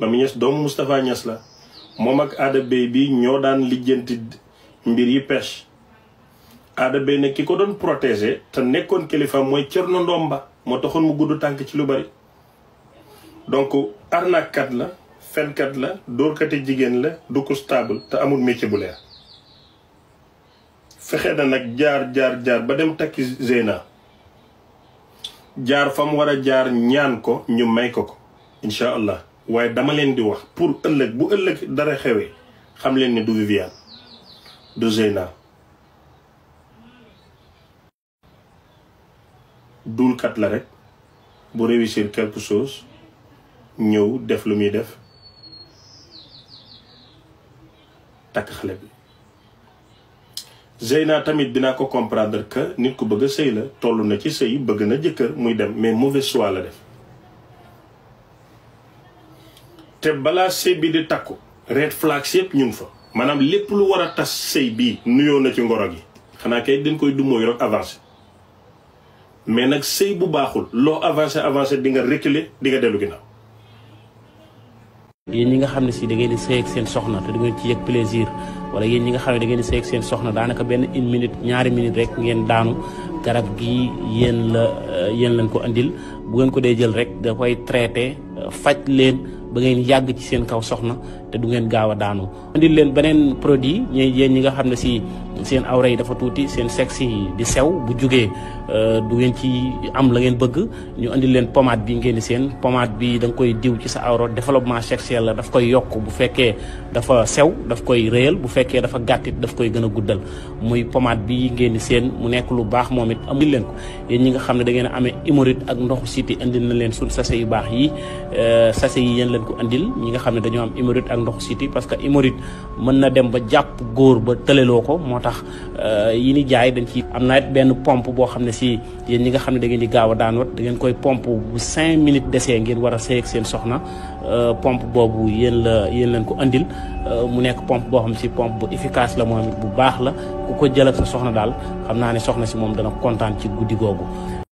Mami Niass doomu Moustapha Niass la moom ak aada bay bi ñoo daan lijjanti mbir yi pêche aada bay na ki ko doon protégé te nekkoon kilifa mooy cër Thierno Ndomba moo taxoon mu gudd tànk ci lu bari donc arnakat la fenkat la dóorkati jigéen la du ko te amul métier bu leer fexe na nag jaar jaar jaar ba dem takki Zeyna jaar fa mu war a jaar ñaan ko ñu may ko ko incha allah waaye dama leen di wax pour ëllëg bu ëllëg dara xewee xam leen ne du Viviane du Zeyna duulkat la rek bu réussir quelque chose ñëw def lu muy def takk xale bi Zeyna tamit dinaa ko comprendre que nit ku bëgg a sëy la toll na ci sëy bëgg na jëkkër muy dem mais mauvais choix la def te bala sey bi di takku red flag yëpp ñu fa manam lepp lu wara tass sey bi nuyo na ci ngoro gi xana kay dañ koy du moy rek avancer mais nak sey bu baxul lo avancer avancer di nga reculer di nga delu ginnaaw yeen yi nga xam ci da ngay di sey ak seen soxna te da ngay ci yek plaisir wala yeen yi nga xam da ngay di sey ak seen soxna daanaka ben 1 minute ñaari minute rek ngeen daanu garab gi yeen la yeen lañ ko andil bu ngeen ko day jël rek da fay traiter fajj leen ba ngeen yagg ci seen kaw soxna te du ngeen gaawa daanu andi leen benen produit ñi ñi nga xamne ci si seen awray dafa tuuti seen sexy di sew bu euh du ngeen ci am la ngeen bëgg ñu andi leen pomade bi ngeen seen pomade bi dang koy diw ci sa awro développement sexuel la daf koy yok bu fekke dafa sew daf koy reel bu fekke dafa gàttit daf koy gëna guddal muy pomade bi ngeen seen mu nekk lu baax momit am amul leen ko yéen ñi nga xamne da ngeen amé ak ndoxu siti andi na leen sun sase yu baax yi euh, sase yi yeen ko andil ñi nga xam ne dañoo am hémorroïde ak ndoxu siti parce que hémorroïde mën na dem ba jàpp góor ba tëleloo ko moo tax euh, yi ni jaay dañ ci am na it benn pompe boo xam ne si yéen ñi nga xam ne da ngeen di gaaw a daan wat koy pompe bu cinq minutes desee war a seeg seen soxna euh, pompe boobu yéen la yéen leen ko andil euh, mu nekk pompe boo xam si pompe bu efficace la moom bu baax la ku ko jël sa soxna daal xam naa ne soxna si moom dana kontaan ci guddi googu